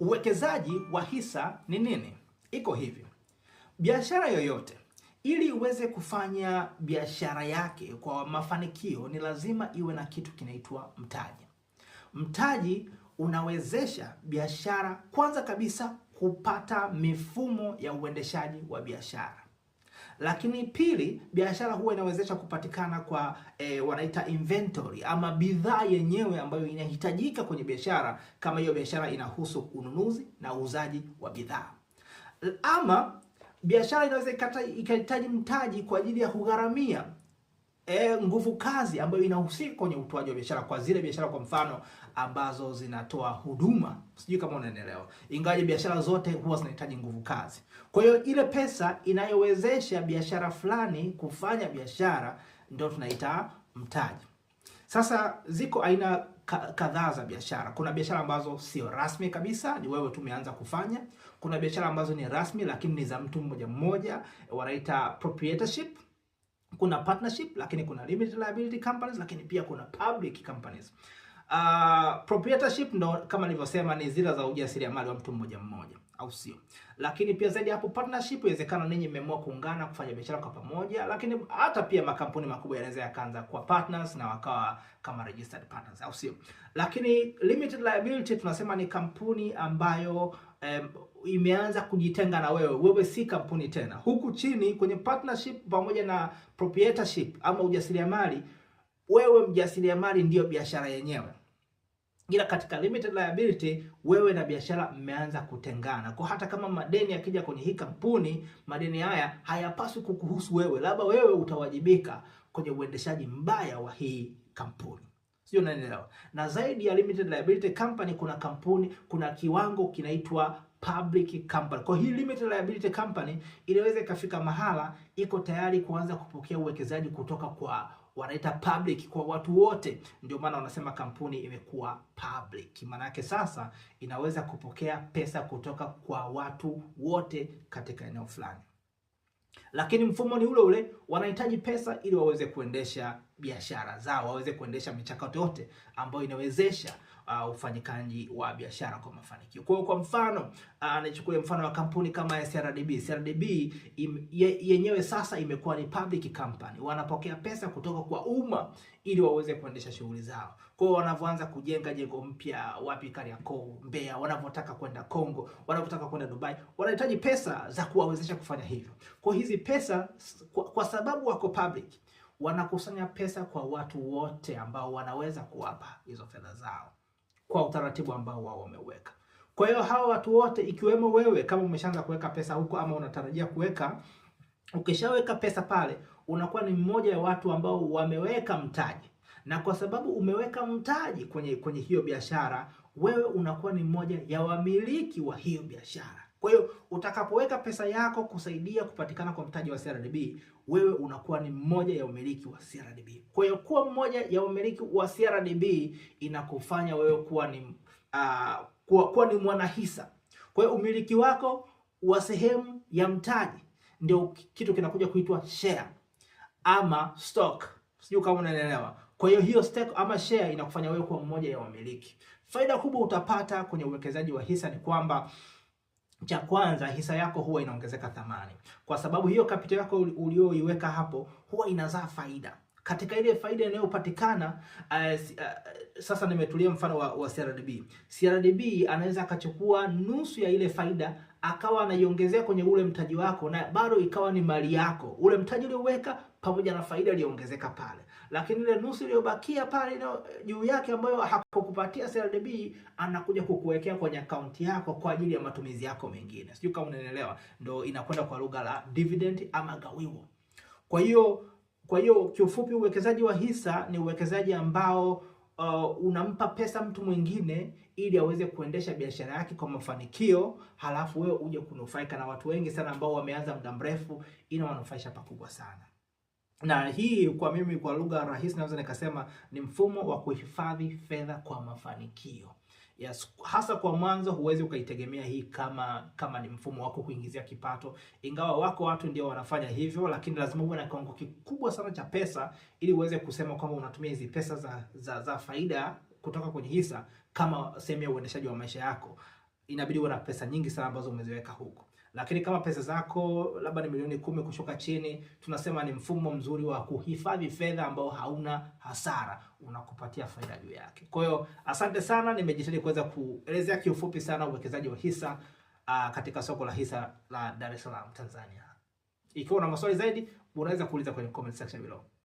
Uwekezaji wa hisa ni nini? Iko hivi. Biashara yoyote ili iweze kufanya biashara yake kwa mafanikio ni lazima iwe na kitu kinaitwa mtaji. Mtaji unawezesha biashara kwanza kabisa kupata mifumo ya uendeshaji wa biashara. Lakini pili, biashara huwa inawezesha kupatikana kwa e, wanaita inventory ama bidhaa yenyewe ambayo inahitajika kwenye biashara, kama hiyo biashara inahusu ununuzi na uuzaji wa bidhaa. Ama biashara inaweza ikahitaji mtaji kwa ajili ya kugharamia e, nguvu kazi ambayo inahusika kwenye utoaji wa biashara kwa zile biashara kwa mfano ambazo zinatoa huduma, sijui kama unaelewa, ingawa biashara zote huwa zinahitaji nguvu kazi. Kwa hiyo ile pesa inayowezesha biashara fulani kufanya biashara ndio tunaita mtaji. Sasa ziko aina kadhaa za biashara. Kuna biashara ambazo sio rasmi kabisa, ni wewe tu umeanza kufanya. Kuna biashara ambazo ni rasmi, lakini ni za mtu mmoja mmoja, wanaita proprietorship kuna partnership, lakini kuna limited liability companies, lakini pia kuna public companies uh, proprietorship ndo kama nilivyosema ni zile za ujasiriamali wa mtu mmoja mmoja, au sio? Lakini pia zaidi hapo partnership, inawezekana ninyi mmeamua kuungana kufanya biashara kwa pamoja, lakini hata pia makampuni makubwa yanaweza yakaanza kwa partners na wakawa kama registered partners, au sio? Lakini limited liability tunasema ni kampuni ambayo um, imeanza kujitenga na wewe, wewe si kampuni tena. Huku chini kwenye partnership pamoja na proprietorship ama ujasiriamali wewe mjasiriamali ndiyo biashara yenyewe, ila katika limited liability wewe na biashara mmeanza kutengana. Kwa hata kama madeni yakija kwenye hii kampuni, madeni haya hayapaswi kukuhusu wewe, labda wewe utawajibika kwenye uendeshaji mbaya wa hii kampuni. Sio, unaelewa? Na zaidi ya limited liability company, kuna kampuni, kuna kiwango kinaitwa public company. Kwa hii limited liability company inaweza ikafika mahala iko tayari kuanza kupokea uwekezaji kutoka kwa wanaita public kwa watu wote. Ndio maana wanasema kampuni imekuwa public, maana yake sasa inaweza kupokea pesa kutoka kwa watu wote katika eneo fulani lakini mfumo ni ule ule, wanahitaji pesa ili waweze kuendesha biashara zao, waweze kuendesha michakato yote ambayo inawezesha uh, ufanyikaji wa biashara kwa mafanikio. Kwa kwa mfano uh, nichukue mfano wa kampuni kama ya CRDB. CRDB im, ye, yenyewe sasa imekuwa ni public company, wanapokea pesa kutoka kwa umma ili waweze kuendesha shughuli zao. Kwa hiyo wanavyoanza kujenga jengo mpya wapi, Kariakoo, Mbeya, wanavyotaka kwenda Kongo, wanavyotaka kwenda Dubai, wanahitaji pesa za kuwawezesha kufanya hivyo. Kwa hizi pesa kwa, kwa sababu wako public wanakusanya pesa kwa watu wote ambao wanaweza kuwapa hizo fedha zao kwa utaratibu ambao wao wameweka. Kwa hiyo hawa watu wote ikiwemo wewe, kama umeshaanza kuweka pesa huko ama unatarajia kuweka, ukishaweka pesa pale, unakuwa ni mmoja wa watu ambao wameweka mtaji, na kwa sababu umeweka mtaji kwenye, kwenye hiyo biashara, wewe unakuwa ni mmoja ya wamiliki wa hiyo biashara. Kwa hiyo utakapoweka pesa yako kusaidia kupatikana kwa mtaji wa CRDB, wewe unakuwa ni mmoja ya umiliki wa CRDB. Kwa hiyo kuwa mmoja ya umiliki wa CRDB inakufanya wewe kuwa ni, uh, kuwa, kuwa ni mwanahisa. Kwa hiyo umiliki wako wa sehemu ya mtaji ndio kitu kinakuja kuitwa share ama stock, sijui kama unaelewa. Kwa hiyo hiyo stock ama share inakufanya wewe kuwa mmoja ya wamiliki. Faida kubwa utapata kwenye uwekezaji wa hisa ni kwamba cha kwanza, hisa yako huwa inaongezeka thamani, kwa sababu hiyo kapito yako ulioiweka hapo huwa inazaa faida katika ile faida inayopatikana. Uh, uh, sasa nimetulia mfano wa, wa CRDB. CRDB anaweza akachukua nusu ya ile faida akawa anaiongezea kwenye ule mtaji wako na bado ikawa ni mali yako, ule mtaji ulioweka pamoja na faida iliyoongezeka pale, lakini ile nusu iliyobakia pale eh, juu yake ambayo hakukupatia CRDB anakuja kukuwekea kwenye akaunti yako kwa ajili ya matumizi yako mengine. Sijui kama unaelewa, ndo inakwenda kwa lugha la dividend ama gawio. Kwa hiyo kwa hiyo kiufupi, uwekezaji wa hisa ni uwekezaji ambao uh, unampa pesa mtu mwingine ili aweze kuendesha biashara yake kwa mafanikio, halafu wewe uje kunufaika. Na watu wengi sana ambao wameanza muda mrefu, ina wanufaisha pakubwa sana na hii kwa mimi kwa lugha rahisi naweza nikasema ni mfumo wa kuhifadhi fedha kwa mafanikio. Yes, hasa kwa mwanzo huwezi ukaitegemea hii kama kama ni mfumo wako kuingizia kipato, ingawa wako watu ndio wanafanya hivyo, lakini lazima uwe na kiwango kikubwa sana cha pesa ili uweze kusema kwamba unatumia hizi pesa za, za, za faida kutoka kwenye hisa kama sehemu ya uendeshaji wa maisha yako. Inabidi uwe na pesa nyingi sana ambazo umeziweka huko. Lakini kama pesa zako labda ni milioni kumi kushuka chini, tunasema ni mfumo mzuri wa kuhifadhi fedha ambao hauna hasara, unakupatia faida juu yake. Kwa hiyo asante sana, nimejitahidi kuweza kuelezea kiufupi sana uwekezaji wa hisa uh, katika soko la hisa la Dar es Salaam Tanzania. Ikiwa una maswali zaidi, unaweza kuuliza kwenye comment section below.